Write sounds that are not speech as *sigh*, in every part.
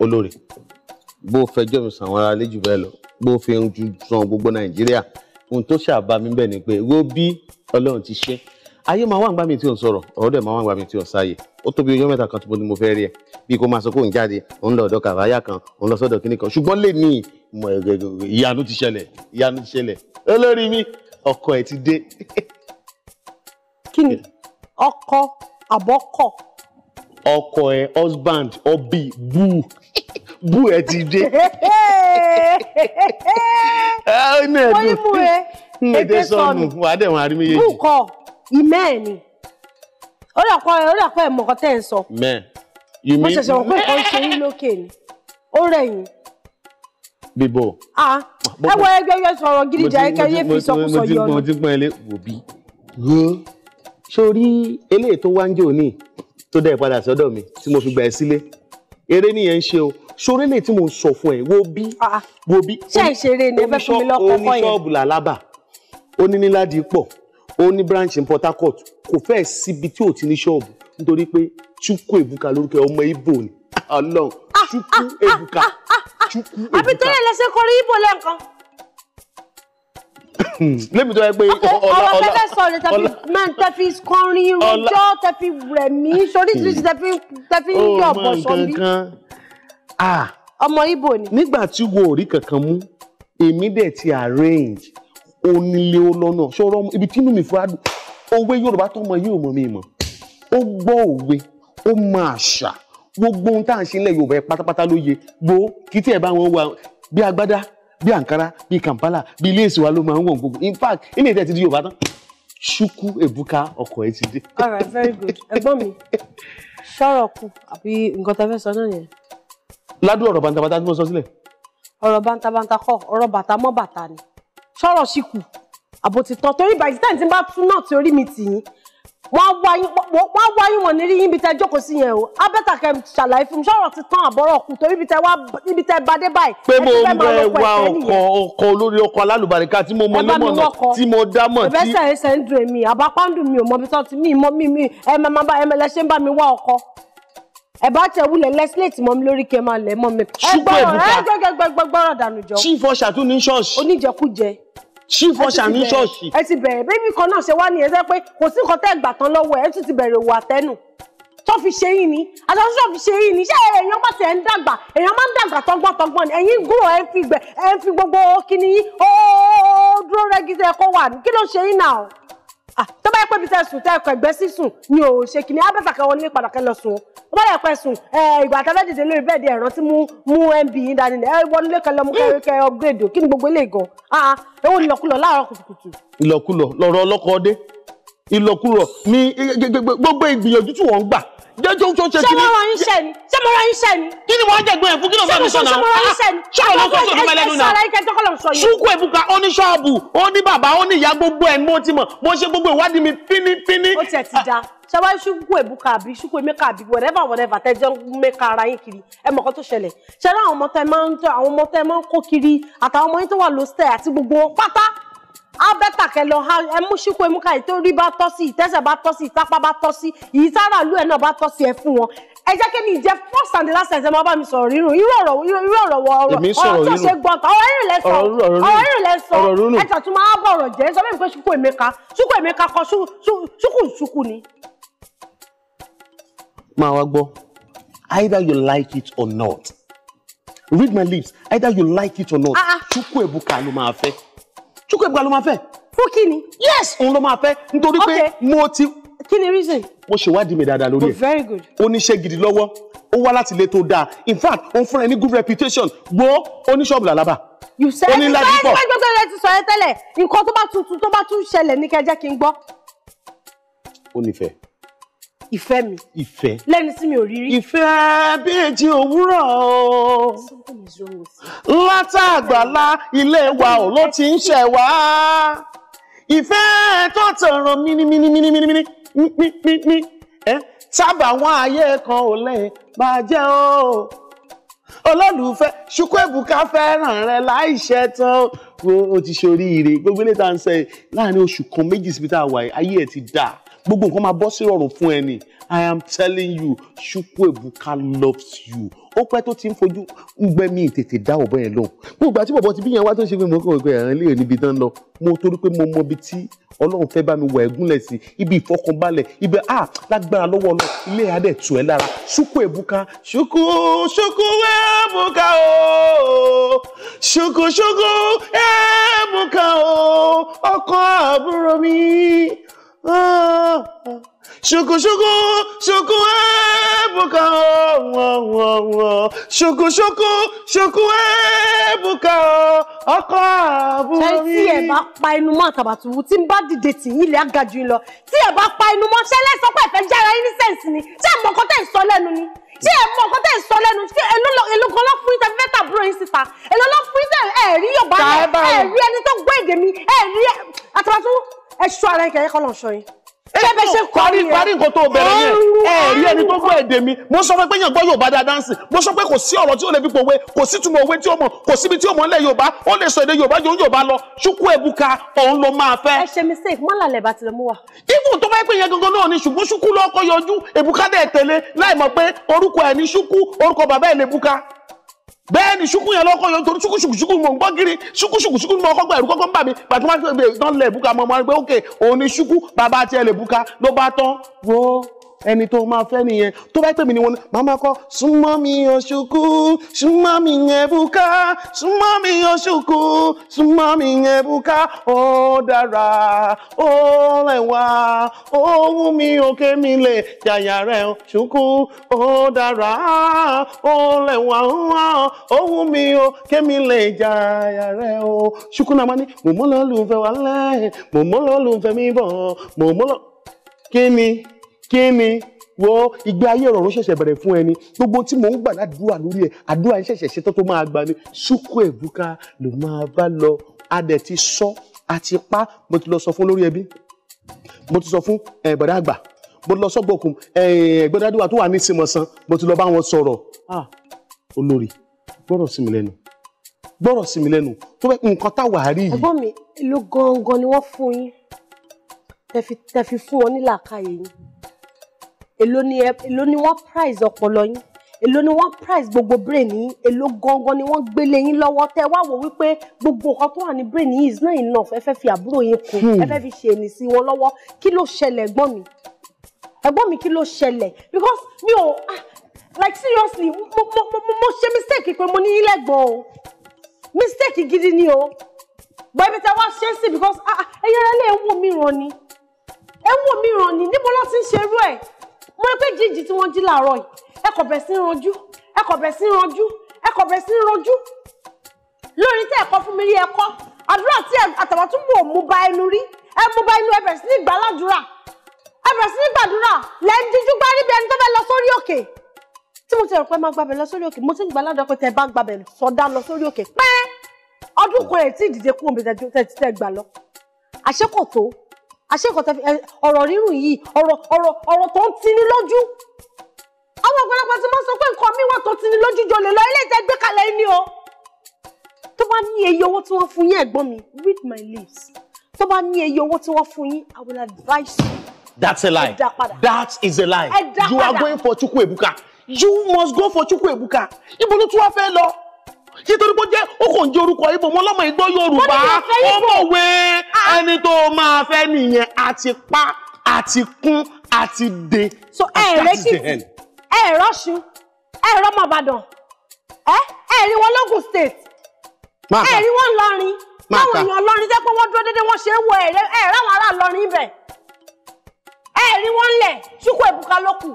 olórí bó fẹjọ́ mi sàn àwọn ará lẹ́jù bẹ́ẹ̀ lọ bó fi ń ju san gbogbo nàìjíríà ohun tó ṣàbá mi bẹ́ẹ̀ ni pé wo bí ọlọ́run ti ṣe ayé máa wà ń gbà mí tí ò ń sọ̀rọ̀ ọ̀rọ̀ dẹ̀ máa wà ń gbà mí tí ò ń sáyè ó tó bí ọjọ́ mẹ́ta kan tó bó ni mo fẹ́ rí ẹ bí kò máa sọ pé òun jáde òun lọ ọ̀dọ̀ kàráyà kan òun lọ sọ́dọ̀ kínní kan ṣùgbọ́n lè ní ìyanu ti ṣẹlẹ̀ ìyanu ti ṣẹlẹ̀ olórí mi ọkọ ẹ ti dé. kí ni ọkọ àbọ̀kọ̀ ọkọ ẹ husband ọbí bú bú ẹ ti dé. *laughs* Ah, wọ́n ní bú ẹ ètè sọnù wàá dẹ̀ wọ́n arímí yéjì. bú kọ ìmẹ́ ẹ̀ ni ó dàpọ̀ ẹ̀ ó dàpọ̀ ẹ̀ mọ̀kọ́ tẹ̀ ń sọ. mẹ́ you mean. wọ́n ṣẹ̀ṣẹ̀ wọ́n pé nǹkan ṣe yín lókè ni ó rẹ̀yìn. bíbọ̀. ẹ wọ ẹgbẹ́ yẹn sọ̀rọ̀ gidi jà ẹ̀kẹ́ yẹn fi sọkúsọ yọ ni. mo ti pọ́n ẹ lé wò bí. sórí eléyìí tó wá ń jò ní tó dẹ̀ padà sọ́dọ̀ mi tí mo fi gbà ẹ́ sílé eré nìyẹn ń ṣe o ṣoré lè tí mo sọ fún ẹ wo bí ah, ah. wo bí. ṣé ìṣeré ni ẹ fẹ́ fún mi lọ́kọ́kọ́ yẹn oníṣọ́ọ̀bù làlábà oníníládì pọ̀ oní branch in Port Harcourt kò fẹ́ síbi tí ò ti ní ṣọ́ọ̀bù nítorí pé Chukwu Ebuka lórúkọ ọmọ Ìbò ni Ọlọ́run ah, Chukwu Ebuka Chukwu Ebuka. àbí tó yẹ lẹsẹ kọrin Ìbò lẹ́ẹ̀kan. Let me do it, ọlá ọlá ọlá sọ ni tẹfi máa hmm. ń tẹfi kọrin rojọ́ tẹfi oh, rẹ̀ mí sórí tìrìsì tẹfi tẹfi ń yọ̀ bọ̀ sọ́bí ah. ah, ọmọ Ìgbò ni. nígbà tí wo ò rí kankan mú èmi dẹ̀ ti arrange onílé olọ́nà ṣọ́rọ́ ibi tí inú mi fura dùn òwe Yorùbá tó mọ yóò mọ mi mọ̀ ó gbọ́ òwe ó mọ àṣà gbogbo ohun tá à ń ṣe nílẹ̀ Yorùbá pátápátá ló yẹ gbó kí tí ẹ̀ bá wọn wà bí agbádá bí Ankara bí Kampala bí ilé ìsìnwá ló máa ń wọ̀ gbogbo in fact ilé ìtẹ́ ti di Yorùbá tán ṣùkú èbúká ọkọ̀ ẹ ti dé. all very good ẹ̀gbọ́n mi ṣọ́rọ̀ kù àbí nǹkan tá a fẹ́ sọ náà yẹn. ládùn ọ̀rọ̀ bàǹtàbàǹtà tí mo sọ sílẹ̀. ọ̀rọ̀ bàǹtàbàǹtà kọ ọ̀rọ̀ bàtà mọ́ bàtà ni ṣọ́rọ̀ ṣì kù torí by tí n bá tún náà tí mi tì yín wọ́n wá yín wọ̀n nírí yín bí tẹ́ jókòó sí yẹn o abẹ́tà kẹ́ ṣàlàyé fún mi ṣọ́rọ̀ ti tán àbọ̀rọ̀ kù torí bí tẹ́ wá níbi tẹ́ bá dé báyìí. pé mo ń bẹ wa ọkọ ọkọ olórí ọkọ alálùbáríkà tí mo mọ lọ́mọ̀nà tí mo dá mọ̀ tí. ẹ̀fẹ́sẹ̀ ẹsẹ̀ ń dùn èmi àbápándù mi ò mọ bí tọ́ ti mí mọ mí mi ẹ̀mẹ̀lẹ́ṣẹ̀ ń bá mi wá ọkọ ẹ bá tẹ wulẹ lẹsílẹtì mọ mi lórí kẹ máa lẹ mọ mi. ṣùgbọ́n ẹ gbọ́dọ̀ ẹ gbọ́dọ̀ gbọ́dọ̀ dànù jọ. chief ọ̀ṣà tún ní ṣọ́ọ̀ṣì. oníjẹkújẹ chief usher ní ṣọ́ọ̀ṣì. ẹ ti bẹ̀rẹ̀ bébí kan náà ṣe wá ní ẹsẹ̀ pé kò sí nǹkan tẹ́ ẹ̀ gbà tán lọ́wọ́ ẹ̀ tún ti bẹ̀rẹ̀ òwò àtẹ́nu tó fi ṣe yín ni àtàwọn tó fi ṣe yín ni ṣé èèyàn bá tiẹ̀ ń dàgbà èèyàn máa ń dàgbà tọgbọ́ntọgbọ́n ni ẹ̀yin gúrò ẹ̀ ń fi gbẹ ẹ̀ ń fi gbogbo kíni yín ó dúró rẹ́gí kó wà ní kí ló ṣe yín náà. Ah, tó bá yẹ pé bisẹ sùn tẹ ẹkọ ẹgbẹ sísùn ni ò ṣe kìíní abẹ́sà kan wọlé padà kan lọ sùn ó bá yẹ pé sùn ìgbà àtàfẹ́ dìde lórí bẹ́ẹ̀ di ẹ̀rọ tí mú mú mb yín dání ẹ wọnú lé kan lọ mú kẹrin kẹ upgrade kí ni gbogbo ilé gan ah, ah ewu ìlọkulọ láàárọ̀ kùtùkùtù. ìlọkulọ lọ̀rọ̀ ọlọ́kọ dé ìlọkulọ mi gbogbo ìgbìyànjú tí wọn ń gbà jẹjọ tó ṣe kí ni. ṣé mo ra yín ṣe ni ṣé mo ra yín ṣe ni. kí ni wọ́n á jẹ̀gbọ́n ẹ̀fún kí ló bá mi sọ̀nà. ṣé mo ra yín ah, ṣe ni. ṣọ́ọ̀ ló sọ̀tún mi lẹ́nu náà. ṣùkú èbúka ó ní ṣọ́ọ̀bù ó ní bàbá ó ní ìyá gbogbo ẹ̀ mo ti mọ̀ mo ṣe gbogbo ìwádìí mi fínífíní. ó tiẹ̀ ti da ṣàwá ṣùkú èbúka àbí ṣùkú èmẹ́ka àbí whatever whatever tẹ jẹ́ mẹ́ka ara yín kiri ẹ mọ̀ kan tó ṣẹlẹ̀ ṣẹlẹ̀ àwọn ọmọ tẹ máa ń kó kiri àtàwọn ọmọ yín tó wà lóṣẹ̀ àti gbogbo pátá á bẹ́tà ha ẹ mú ṣíkú emúka yìí tó rí bá tọ́ sí ìtẹ́sẹ̀ bá tọ́ sí ìtapá bá tọ́ sí ìyí tára ìlú ẹ̀ náà bá tọ́ sí ẹ fún wọn ẹ jẹ́ kí mi jẹ́ first and last ẹ̀sẹ̀ máa bá mi sọ̀rọ̀ rírun irú ọ̀rọ̀ irú ọ̀rọ̀ wọ ọ̀rọ̀ ọ̀rọ̀ tí ò ṣe gbọ́n ọ̀rọ̀ rírun lẹ sọ ọ̀rọ̀ rírun lẹ sọ ẹ tún máa bọ̀ ọ̀rọ̀ jẹ́ sọ bẹ́ẹ̀ pé ṣùkú èmeka ṣùkú èmeka kọ ṣùkú ṣùkú ni. máa wá gbọ́ either you like it or not read my lips either you like it or not ah, ah. ṣùkú èbúkà ló máa fẹ́. Sunday Igboho ló máa fẹ́. fún kí ni. yes òun ló máa fẹ́ nítorí pé mo ti. kí ni reason. mo ṣèwádìí mi dáadáa lórí oh, ẹ. very good. oníṣẹ́ gidi lọ́wọ́ ó wá láti ilé tó dáa in fact òun fúnra ẹ ní good reputation gbọ́ oníṣọ́ọ̀bù làlábà. you said it right gbẹgbẹgbẹ rẹ ti sọ ẹ tẹ́lẹ̀ nǹkan tó bá tuntun tó bá tún ṣẹlẹ̀ ní kẹjẹ kí n gbọ́. ó nífẹ̀ẹ́ ìfẹ́ mi. ìfẹ́. lẹ́ni tí mi ò rí rí. ìfẹ́ bíjì òwúrọ̀ o. látàgbàlá ilé wa ò ló ti ń ṣẹ̀ wá. ìfẹ́ tó tọrọ mímímímímímímímímí ẹ sábà wọn ayé kan ò lè bàjẹ́ o. olólùfẹ́ ṣùkú èbùká fẹ́ràn rẹ láì ṣẹ́ tán o ti ṣoríire gbogbo ilé tá à ń sẹ́yìn láàrin oṣù kan méjì síbi tá a wà ayé ẹ̀ ti dáa gbogbo nǹkan máa bọ́ sí ìrọ̀rùn fún ẹ ni i am telling you Chukwuebuka loves you ó pẹ́ tó ti ń fojú gbẹ́mí tètè dá ọ̀bọ yẹn lóhùn gbogbo ìgbà tí bọ̀bọ̀ ti bí yẹn wá tó ṣe pé mo kàn gbé ẹ̀rán léèrè níbi tán lọ mo torí pé mo mọ ibi tí ọlọ́run fẹ́ bá mi wọ ẹ̀gúnlẹ̀ sí ibi ìfọkànbalẹ̀ ibi a lágbára lọ́wọ́ ọlọ́ ilé adẹ̀ tù ẹ́ lára Chukwuebuka ṣùkú ṣùkú ẹ̀bùkà o ṣùkú ṣùkú ẹ̀bùkà o ọkọ àbúrò mi. Oh, oh. Shuku shuku shuku ebuka oh, oh, oh, oh. Shuku shuku shuku ebuka oh, oh oh. mi. Ṣé tí ẹ pa inú mọ́ Àtàbàtúbú tí ń bá dìde tì yín ilé àgàjù yín lọ? Tí ẹ pa inú mọ́ ṣé lẹ́sọ̀ pé ẹ̀fẹ̀ jára yín ní sẹ́ǹsì ni? Ṣé ẹ mọ nǹkan tẹ̀ ń sọ lẹ́nu ni? Ṣé ẹ mọ nǹkan tẹ̀ ń sọ lẹ́nu? Ṣé èlò kan lọ fún ìtàfẹ́fẹ́ tàbúrò yín síta? Èlò lọ fún ìtàfẹ́ ẹ̀rí Yorùbá ẹ̀rí ẹni tó gbọ́ èdè mi ẹ̀rí Àtàbàtúbú ẹ ṣọ́ ara yín kẹ́ kọ́ lọ́n ṣọ́ yín. ṣé bẹ́ẹ̀ ṣe ń kọ́ ni ẹ parí nǹkan tó bẹ̀rẹ̀ yẹn ẹ rí ẹni tó gbọ́ èdè mi mo sọ pé yàn gbọ́ Yorùbá dáadáa sí mo sọ pé kò sí ọ̀rọ̀ tí ó lè fi pòwe kò sí túmọ̀ òwe tí ó mọ̀ kò síbi tí ó mọ̀ nílẹ̀ Yorùbá ó lè sọ èdè Yorùbá jòun Yorùbá lọ ṣùkú ẹ̀bùkà òun ló máa fẹ́. ẹ ṣe mistake mọ́là lẹ̀ bá ti lọ mú wa. ibùn tó fẹ́ pé yẹn gangan náà ni ṣùgbọ́n ṣùkú lọ́kọ̀ yọjú ẹ̀bùkà dẹ̀ tẹ̀lé láì mọ̀ pé orúkọ ẹ̀ bẹ́ẹ̀ ni ṣùkú yẹn lọ́kọ́ yọ torí ṣùkú ṣùkú ṣùkú mò ń gbọ́ kiri ṣùkú ṣùkú ṣùkú mò ń kọ́ ẹ̀rú kọ́kọ́ ń bà mí pàtó máa ń lẹ̀ bùkà mọ́ ọmọ rẹ pé ókè òun bàbá tiẹ̀ lè bùkà ló bá tán wo ẹni tó máa fẹ́ nìyẹn tó bá tẹ̀mí ni wọn máa máa kọ́ súnmọ́ mi ọ̀ṣùkú súnmọ́ mi yẹn bùká súnmọ́ mi ọ̀ṣùkú súnmọ́ mi yẹn bùká ó dára ó lẹ́wà ó wú mi òkè mi lè yàyà rẹ̀ ṣùkú ó dára ó lẹ́wà ó wú mi òkè mi lè yàyà rẹ̀ ṣùkú náà máa ní mòmọ́lọ́lù ń fẹ́ wà lẹ́ẹ̀ mòmọ́lọ́lù fẹ́ mi bọ̀ mòmọ́lọ́ kí ni kí ni wọ ìgbé ayé ìrọ̀rùn ṣẹ̀ṣẹ̀ bẹ̀rẹ̀ fún ẹni gbogbo tí mò ń gbà ládùúrà lórí ẹ̀ àdúrà ń ṣẹ̀ṣẹ̀ ṣetán tó máa gbà ni ṣúkú ẹ̀bùká ló máa bá lọ adẹ̀ ti sọ àti pa mo ti lọ sọ fún lórí ẹbí mo ti sọ fún ẹ̀bọ̀dá àgbà mo ti lọ sọ́gbọ̀n òkun ẹ̀gbẹ́dádúwà tó wà ní ìsìnmọ̀sán mo ti lọ bá wọn sọ̀rọ̀ ah olórí gbọ́rọ̀ sí mi lẹ́nu gbọ́rọ̀ sí mi lẹ́nu tó fẹ́ nǹkan táwa rí yìí. ẹ̀gbọ́n mi èlò gangan ni wọ́n fún yín tẹ́ fi fún wọn ní làákàyè yín èló ni èló ni wọ́n price ọpọlọ yín èló ni wọ́n price gbogbo brain yín èló gangan ni wọ́n gbélé yín lọ́wọ́ tẹ́ wá wò wípé gbogbo nǹkan tó wà ní brain yín is not enough ẹ fẹ́ fi àbúrò yín kún hmm. ẹ fẹ́ fi ṣe ènì sí wọn lọ́wọ́ kí ló ṣẹlẹ̀ ẹ̀gbọ́n mi ẹ̀gbọ́n mi kí ló ṣẹlẹ̀ because mi ò ah, like seriously mo mo mo mo ṣe mistake pé mo ní ilẹ̀ gbọ́n o mistake gidi ni o bọ́ ibi tí wá ṣe é sí because ah, ẹ̀yẹ́rẹ́lẹ́ ẹ̀ ń wò mí ràn ni ẹ̀ ń wò mí ràn ni níbo ló ti ń ṣerú ẹ̀ mo rí pé jíjí tí wọ́n jí làárọ̀ yìí ẹ kò bẹ̀ sí ranjú ẹ kò bẹ̀ sí ranjú ẹ kò bẹ̀ sí ranjú lórí tí ẹ̀kọ́ fún mi rí ẹ̀kọ́ àdúrà tí Àtàbàtúbú ò mú ba ẹnu rí ẹ mú ba ẹnu ẹ bẹ̀rẹ̀ sí ní gbàládùra ẹ bẹ̀rẹ̀ sí ní gbàdúrà lẹ́ ń díjú gbá níbi ẹni tó fẹ́ lọ sórí òkè tí mo ti rò pé máa gbàbẹ̀ lọ sórí òkè mo ti ń gbàládùra pé tẹ bá gbàbẹ̀ sọdá lọ sórí òkè pẹ́ ọdún kan ẹ̀ tí ìdíje kúrò tẹ gbà lọ àṣẹ kò tó àṣekọ̀tẹ́ ọ̀rọ̀ rírùn yìí ọ̀rọ̀ ọ̀rọ̀ tó ń tini lójú àwọn ọ̀pọ̀lọpọ̀ tí wọ́n sọ pé nǹkan mi wà tó tini lójú jọ lè lọ ilé ìtẹ́ gbé kalẹ̀ ni o tó bá ní iye owó tí wọ́n fún yín ẹ̀gbọ́n mi read my lips tó bá ní iye owó tí wọ́n fún yín I will advise you. That's a lie. That is a lie. You are going for Chukwu Ebuka. You must go for Chukwu Ebuka. Ibo ló tún wá fẹ́ lọ ṣé torí pé jẹ́ ó kàn jẹ́ orúkọ ibo mo lọ́mọ igbó yorùbá ọmọwé ah. ẹni tó máa fẹ́ nìyẹn àti pa àti kún àti de. so ẹ rẹ́kìtì ẹ rọ́ṣun ẹ rọ́mọ ìbàdàn ẹ ẹ rí wọn lógùn state ẹ rí wọn lọrin táwọn èèyàn lọrin jẹ́ pé wọ́n dúró déédéé wọ́n ṣe é wo ẹ̀rẹ́ ẹ̀ ráwọn ará lọrin ibẹ̀ ẹ rí wọn lẹ̀ ṣúkú èbúka ló kù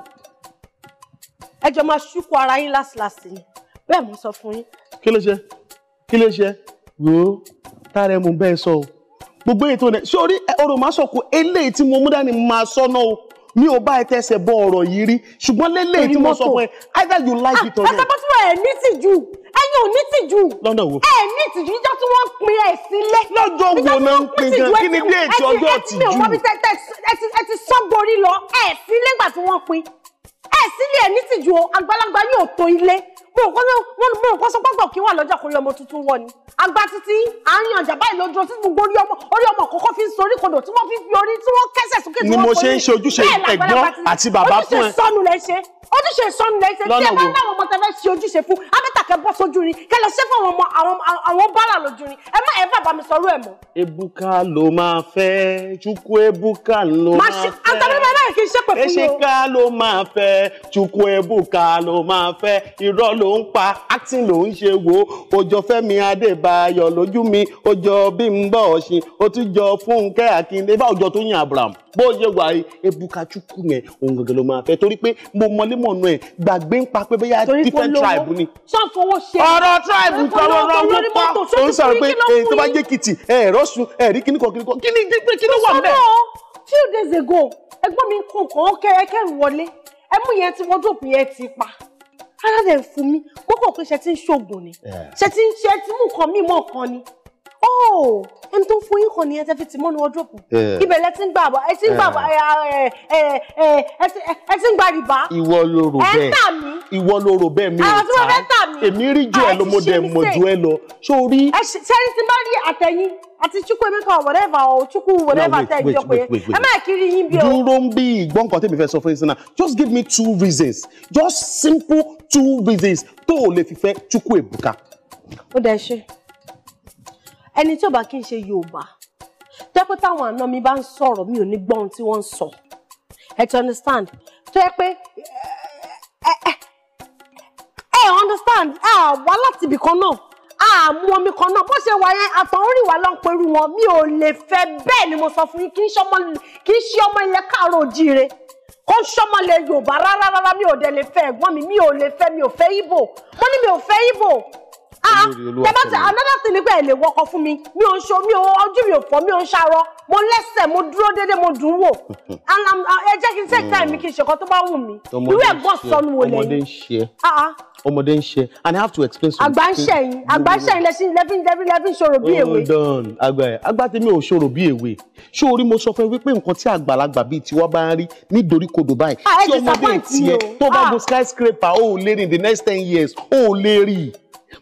ẹ jọ máa ṣúkú ara yín lásìlásì ni bẹ́ẹ̀ mo sọ fún yín kí ló ṣe kí ló ṣe wò ó tára ẹ mú bẹ́ẹ̀ sọ o gbogbo èyí tó ní ṣé orí ọ̀rọ̀ máa sọ̀kò eléyìí tí mo mú dání máa sọ́nà o mi ò bá ẹ tẹsẹ̀ bọ ọ̀rọ̀ yìí rí ṣùgbọ́n lélẹ́yìí tí mo sọ fún ẹ either you like it or ah, not. ọ̀sán pọ́sibọ̀ ẹ̀ ní tìjú ẹ̀yin ò ní tìjú. lọ́nà wo. ẹ ní tìjú níjọ́ tí wọ́n pin ẹ̀ sílẹ̀. lọ́jọ́ wo náà ń pin gan kí ni déètì ọjọ́ tìjú. ẹ ti sọ́gbórí lọ ẹ̀ sílẹ̀ gbà tí wọ́n pin ẹ̀ sílẹ̀ ẹ̀ ní tìjú o àgbàlagbà yóò tó ilé gbogbo nǹkan sọ pápá kí wà lọ́jà kó ọmọ tuntun wọ ni àgbà títí àárín ọjà báyìí lójú ọtí gbogbo orí ọmọ orí ọmọ kọ́kọ́ fi ń sorí kodò tí wọ́n fi fi orí tí wọ́n kẹ́sẹ̀ sókè tí wọ́n forí ni ojúṣe ẹ̀gbọ́n àti bàbá fún ẹ ojúṣe sọnù lẹ ṣe ojúṣe sọnù lẹ ṣe tí ẹ bá ń dáwọn ọmọ tẹ fẹ́ ṣe ojúṣe fún abẹ́tàkẹ́ bọ́ sójú ni kẹ lọ fún yóò. ṣe ká ló máa fẹ́ Chukwuebuka ló máa fẹ́ irọ́ ló ń pa acting ló ń ṣe wo òjò Fẹ́mi Adébáyọ̀ lójú mi ojo Bímbọ́ Ọ̀ṣìn ó tún jọ Fúnkẹ́ Akíndé bá òjò tó yin Abraham bó ṣe wà yìí Ebuka Chukwu yẹn òun gẹ́gẹ́ ló máa fẹ́ torí pé mo mọlé mọ̀nà ẹ̀ gbàgbé ń pa pé bóyá different tribe ni. sọ́fowó ṣe ọ̀rọ̀ tribe kọ̀ọ̀rọ̀ ọ̀rọ̀ owó pa òun sọ̀rọ̀ pé èyí tó bá jẹ́ kìtì ẹ̀ẹ́rọ̀sùn ẹ̀ẹ́rí kíníkọ̀ kíníkọ̀ kíní wà mẹ́ẹ̀ few days ago ẹ̀gbọ́n mi kọ̀ọ̀kan kẹ́rẹ́kẹ́rù wọlé ẹmú yẹn ti wọ́dọ̀pù yẹn ti pa ara rẹ̀ fún mi kókò pé ṣe ti ń ṣoògùn ni ṣe ti ń ṣe ti mú nǹkan mímọ́ kan ni oh ẹni tó fún yín kan ni ẹ tẹ́ fi tì mọ́nu wọ́dúrópù ibẹ̀ lẹ ti ń gbà bọ̀ ẹ ti ń gbà bọ̀ ẹ ti ń gbà rìbá. ìwọ ló rò bẹ́ẹ̀ ìwọ ló rò bẹ́ẹ̀ mi ò ta èmi rí jù ẹ lọ mo dẹ̀ mọ̀ jù ẹ lọ sórí. sẹ́ni tí n bá rí àtẹ̀yìn àti chukwu emeka or whatever or chukwu whatever tẹ̀ ẹ́ jọ pé ẹ má kiri yín bí o. dúró ń bí ìgbọ́n tẹ́mi fẹ́ sọ fún yín just give me two reasons just simple two reasons tó o lè fi fẹ́ chukwu ebuka. ó dẹ̀ ṣe ẹni tí ò bá kí n ṣe Yorùbá tó yẹ pé táwọn àna mi bá ń sọ̀rọ̀ mi ò ní gbọ́ ohun tí wọ́n ń sọ ẹ ti understand tó yẹ pé ẹ ẹ understand ẹ wá láti ibì kan náà àmú omi kan náà bó ṣe wà yẹn àtàn orí wa ló ń perú wọn mi ò lè fẹ́ bẹ́ẹ̀ ni mo sọ fún yín kì í ṣe ọmọ ilẹ̀ káàárọ̀ òjíire kó ṣọmọ lẹ Yorùbá rárá rárá mi ò dẹ̀ lè fẹ́ ẹ̀gbọ́n mi mi ò lè fẹ́ mi ò fẹ́ Ìgbò mo ní mi ò fẹ́ Ìgbò bàbá ah, another thing ni pé ẹ lè wọkọ fún mi mi ò ṣo mi ò ojú mi ò fọ́ mi ò ń ṣarọ mo lẹ́sẹ̀ mo dúró dédé mo dùn wò *laughs* ẹ jẹ́ kí time mi hmm. kí n ṣe nǹkan tó bá wù mí irú ẹ̀ gbọ́ sọnù wò lẹ́yìn. Ah, ah. ọmọdé ń ṣe and i have to explain something. àgbà ń ṣẹ̀yìn àgbà ń ṣẹ̀yìn lẹ́sìn lẹ́fín lẹ́fín lẹ́fín ṣòro bí èwe. hold on àgbà ẹ̀ àgbà tèmi ò ṣòro bí èwe ṣé orí mo sọ fún ẹ wípé nǹkan tí àgbàlagbà bíi tiwa bá ń rí nítorí kodò báyìí tí ọmọdé tiẹ̀ tó bá go skyscraper ó lè rìn the next ten years ó lè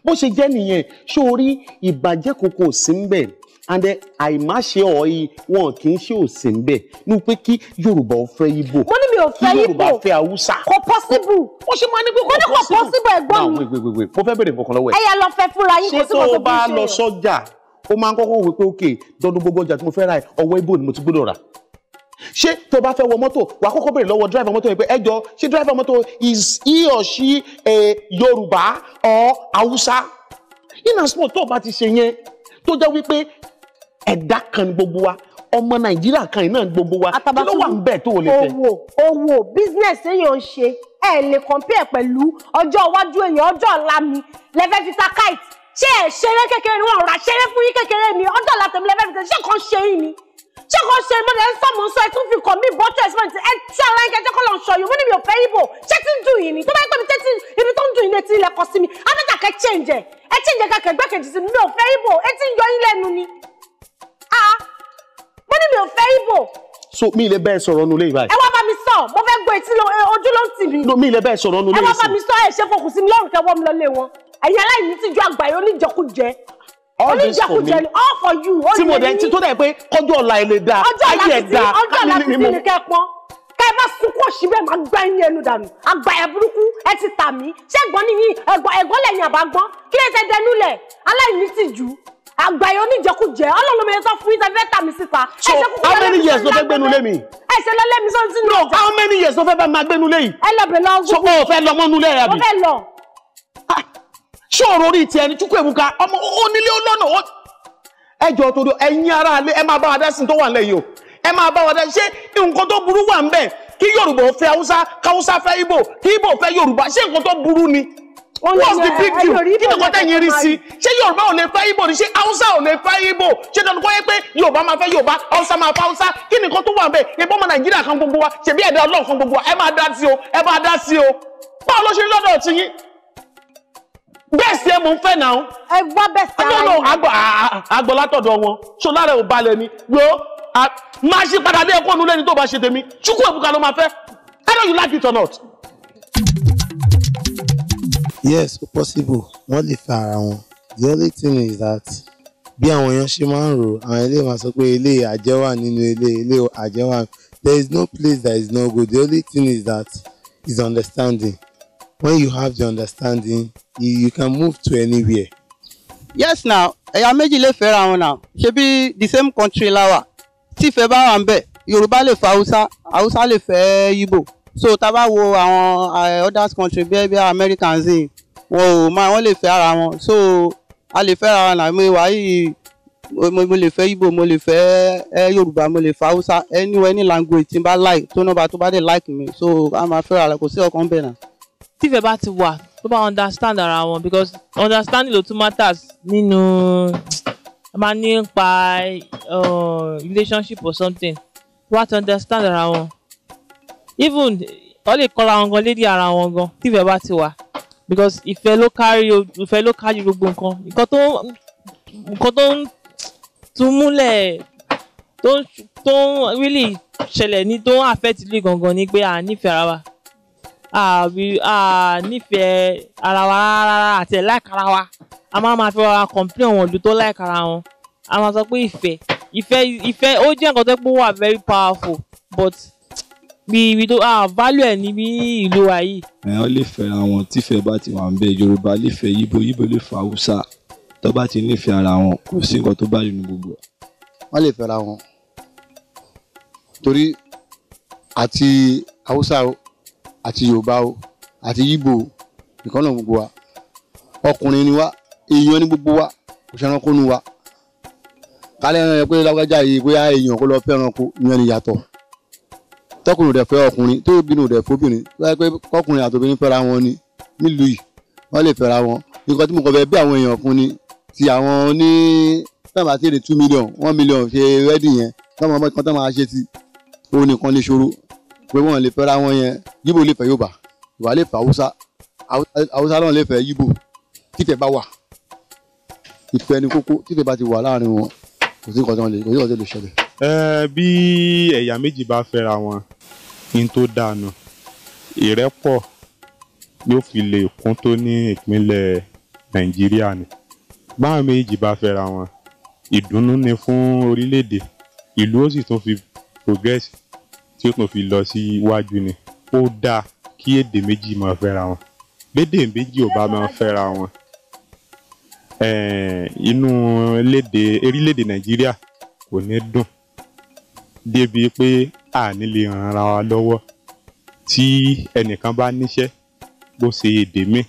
bó ṣe jẹ́ nìyẹn ṣó o rí ìbàjẹ́ kòkó sí ń bẹ̀ and then àìmáṣe ọ̀ọ́yì wọn kì í ṣe òsì ń bẹ̀ ní pé kí Yorùbá ò fẹ́ Ìgbò mo ní mi ò fẹ́ Ìgbò kí Yorùbá fẹ́ Haúsá kò possible ó ṣe máa ní pé kò possible ẹ̀gbọ́n mi mo fẹ́ bèrè nǹkan lọ́wọ́ ẹ̀ ẹ̀yà lọ fẹ́ fúnra yín kò sí kò tó bí ṣe ṣé tó bá lọ sọ́jà ó máa ń kọ́kọ́ wò pé ok dandan gbogbo ọjà tí mo fẹ́ ra ọwọ́ Ìgbò ni mo ti gbọ́dọ̀ rà ṣé tó bá fẹ́ wọ mọ́tò wàá kọ́kọ́ béèrè lọ́wọ́ driver mọ́tò yẹn pé ẹ jọ ṣé driver mọ́tò is he or she a Yorùbá or Hausa in as small tó o bá ti ṣe yẹn tó jẹ́ wípé ẹ̀dá kan ní gbogbo wa ọmọ Nàìjíríà kan náà ní gbogbo wa kí ló wà ń bẹ̀ tó o lè fẹ́. owó owó business èèyàn ń ṣe ẹ lè compare pẹ̀lú ọjọ́ iwájú èèyàn ọjọ́ ọ̀la mi lẹ́fẹ̀ẹ́ fi ta kite ṣé ẹ̀ ṣeré kékeré ni wọ́n rà ṣeré fún yín kékeré ni ọjọ́ ọ̀la tèmi lẹ́fẹ̀ẹ́ fi ta ṣé kan ṣe yín ni ṣé kò ṣe ìmọ̀lẹ̀ ẹ̀ ń sọ̀mù sọ ẹ̀ tún fi kàn mí bọ́tọ̀ ẹ̀ sọ́mù ẹ̀ tí ara ẹ̀ kẹjọ́ kọ́ lọ sọ yìí mo ní mi ò fẹ́ yìí bò ṣé tí ń dùn yìí ni tó bá yẹ pé mi tẹ́tí ibi tó ń dùn yìí létí ilẹ̀ kọ sí mi abẹ́tà kẹ́ chẹ́ǹjẹ̀ ẹ̀ chẹ́ǹjẹ̀ kẹ́kẹ́ gbẹ́kẹ̀jì sí mi mi ò fẹ́ yìí bò ẹ̀ tí ń yọ yín lẹ́nu ni. mo ní mi ò fẹ́ yìí bò. so mi ilé bẹ́ẹ̀ sọ̀rọ̀ nulẹ̀ ìbáyìí. ẹ wá bá mi sọ mo fẹ́ gbọ́ etí ojú ló ń tì mí. mi ilé bẹ́ẹ̀ sọ̀rọ̀ nulẹ̀ ìsìn. ẹ wá bá mi sọ ẹ ṣe fokùn sí all for me all for you tí mo dẹ̀ tí tó dẹ̀ pé kọjọ́ ọ̀la ẹ̀ lè dáa ayé ẹ̀ dáa kí ni mo ẹ bá sunkún òsì bẹ́ẹ̀ máa gbá yín ẹnu dànù àgbà ẹ̀ burúkú ẹ ti tà mí ṣé ẹ̀gbọ́n ní yín ẹ̀gbọ́n lẹ́yìn àbágbọ́n kí lè tẹ dẹnu lẹ̀ aláìní ti jù àgbà yìí oníjẹkújẹ ọlọ́run mi sọ fún yín tẹ fẹ́ tà mí síta. so how many years ló fẹ́ gbénu lé mi. ẹ ṣe lọ lé mi sọ sínú ọjà. no how many years ló fẹ́ bá máa gbénu lé yìí. ẹ lọ bẹ̀ lọ. so o fẹ́ lọ mọ́nú lẹ́yà bí. mo fẹ́ lọ ṣòro orí ti ẹni Chukwu Ebuka ọmọ onílé olónà ẹjọ́ torí ẹ̀yin ara alẹ́ ẹ máa bá wa dá sí tó wà lẹ́yìn o ẹ máa bá wa dá ṣé nǹkan tó burú wà ń bẹ̀ kí Yorùbá fẹ́ Haúsá káwúsá fẹ́ Ìgbò kí Ìgbò fẹ́ Yorùbá ṣé nǹkan tó burú ni what's the big deal kí ni kọ́tẹ́ yẹn rí sí ṣé Yorùbá ò lè fẹ́ Ìgbò ni ṣé Haúsá ò lè fẹ́ Ìgbò ṣé dandan kọ́ yẹ pé Yorùbá máa fẹ́ Yorùbá Haúsá máa fẹ́ Haúsá kí ni kọ́ tó wà ń bẹ̀ ìbọn ọmọ Nàìjíríà kan gbogbo wa ṣèbí ẹ̀dá Ọlọ́run gbogbo wa ẹ máa dá sí o ẹ máa dá sí o báwo ló ṣe lọ́dọ̀ ọ̀tí yín bẹ́ẹ̀sì ẹ̀ mò ń fẹ́ náà. ẹ gbọ́ bẹ́ẹ̀sì ara yìí. àgbọ̀ àgbọ̀ látọ̀dọ̀ wọn so lára ò balẹ̀ ni yo máa ṣe padà dé ẹ̀kọ́ nulẹ̀ ni tó bá ṣe tèmi chukwu ebuka ló máa fẹ́ either you like it or not. yes o possible wọ́n lè fẹ́ ara wọn the only thing is that bí àwọn èèyàn ṣe máa ń rò àwọn ilé máa sọ pé ilé àjẹ́ wà nínú ilé ilé àjẹ́ wà there is no place that is no good the only thing is that is understanding when you have the understanding you, you can move to anywhere. yes na ẹ̀yà méjì lè fẹ́ra wọn na ṣebí the same country la wà tí ìfẹ́ bá wà ń bẹ̀ yorùbá lè fẹ́ haúsá haúsá lè fẹ́ ìgbò so tá a bá wo àwọn uh, eh, other country bí bí americans yìí wọn ò máa wọn lè fẹ́ ara wọn so a lè fẹ́ ara wọn na mo wà yìí mo lè fẹ́ ìgbò mo lè fẹ́ eh, yorùbá mo lè fẹ́ haúsá anywhere any language tí n bá like tó náà bá tó bá dé like mi so a máa fẹ́ ara kò sí ọkàn bẹ́ẹ̀ náà tífẹ̀ bá ti wà tó bá understand ara wọn because understanding ló tún matters nínú a máa ní pa uh, relationship or something wá ti understand ara wọn even ọ lè kọ́ra wọn gan lédi ara wọn gan tífẹ̀ bá ti wà because ìfẹ́ ló kárí ìfẹ́ ló kárí gbogbo nǹkan nǹkan tó nǹkan tó ń tún múlẹ̀ tó ń tó ń really ṣẹlẹ̀ ní tó ń affect ilé gangan ni pé à nífẹ̀ẹ́ ara wa nífẹ̀ẹ́ ara wa rárá àti ẹ̀ láìka ara wa a máa ma fi ara complain àwọn ìlú tó láìka ara wọn a máa sọ pé ìfẹ́ ìfẹ́ ìfẹ́ ó jẹ́ nǹkan tó pé wà very powerful but bí ibi tó ah value ẹ̀ níbi ìlú wa yìí. ẹ ọ lè fẹ́ àwọn tífẹ́ bá ti wà ń bẹ Yorùbá lè fẹ́ yíbo yíbo lè fẹ́ Haúsá tó bá ti nífẹ̀ẹ́ ara wọn kò sí nǹkan tó bá nínú gbogbo ẹ̀. wọ́n lè fẹ́ra wọn torí àti Haúsá o àti yorùbá o àti yíbo o nìkan náà gbogbo wa ọkùnrin ni wa èèyàn ni gbogbo wa kò ṣẹranko nu wa kálẹ̀ ẹran yẹn pé lágbájá yìí bóyá èèyàn kó lọ fẹ́ ẹranko ìyẹn ni yàtọ̀ tọkùnrin ò dẹ̀ fẹ́ ọkùnrin tó obìnrin ò dẹ̀ fóbìnrin láyé pé kọkùnrin àtòbìnrin fẹ́ra wọn ni nílùú yìí wọ́n lè fẹ́ra wọn nǹkan tí mo kọ́ fẹ́ bí àwọn èèyàn fún ni ti àwọn oní táwọn àti èrè two million one million ṣe rẹ́dì yẹn táwọn ọmọ kan táwọn máa ṣe sí òun nìkan lè ṣòro pé wọ́n lè fẹ́ra wọn yẹn yíbo lè fẹ́ yorùbá yorùbá lè fẹ́ haúsá haúsá náà lè fẹ́ yíbo títẹ̀ bá wà ìfẹ́ ni kókó títẹ̀ bá ti wà láàrin wọn kò sí nǹkan tí wọ́n lè ṣẹlẹ̀. bí ẹ̀yà méjì bá fẹ́ra wọn ní tó dànù ìrẹ́pọ̀ yóò fi lè kún tó ní ìpínlẹ̀ nàìjíríà ni báwọn méjì bá fẹ́ra wọn ìdùnnú ni fún orílẹ̀-èdè ìlú ó sì tún fi progress tí ó kàn fi lọ sí iwájú ni ó dáa kí èdè méjì máa fẹ́ra wọn bédè méjì ò bá máa fẹ́ra wọn inú orílẹ̀-èdè nàìjíríà kò ní dùn débi pé a ní lè ràn ara wa lọ́wọ́ tí ẹnìkan bá níṣẹ́ bó ṣe èdè míì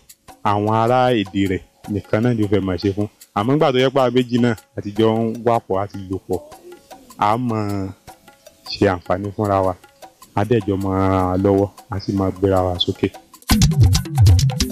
àwọn ará èdè rẹ̀ nìkan náà ni ó fẹ́ máa ṣe fún àmọ́ nígbà tó yẹ pé àwọn méjì náà àtijọ́ ń wà pọ̀ àti lò pọ̀ àmọ́ ṣe àǹfààní fúnra wa adẹ́jọ́ máa ra wa lọ́wọ́ a sì máa gbéra wa sókè. thank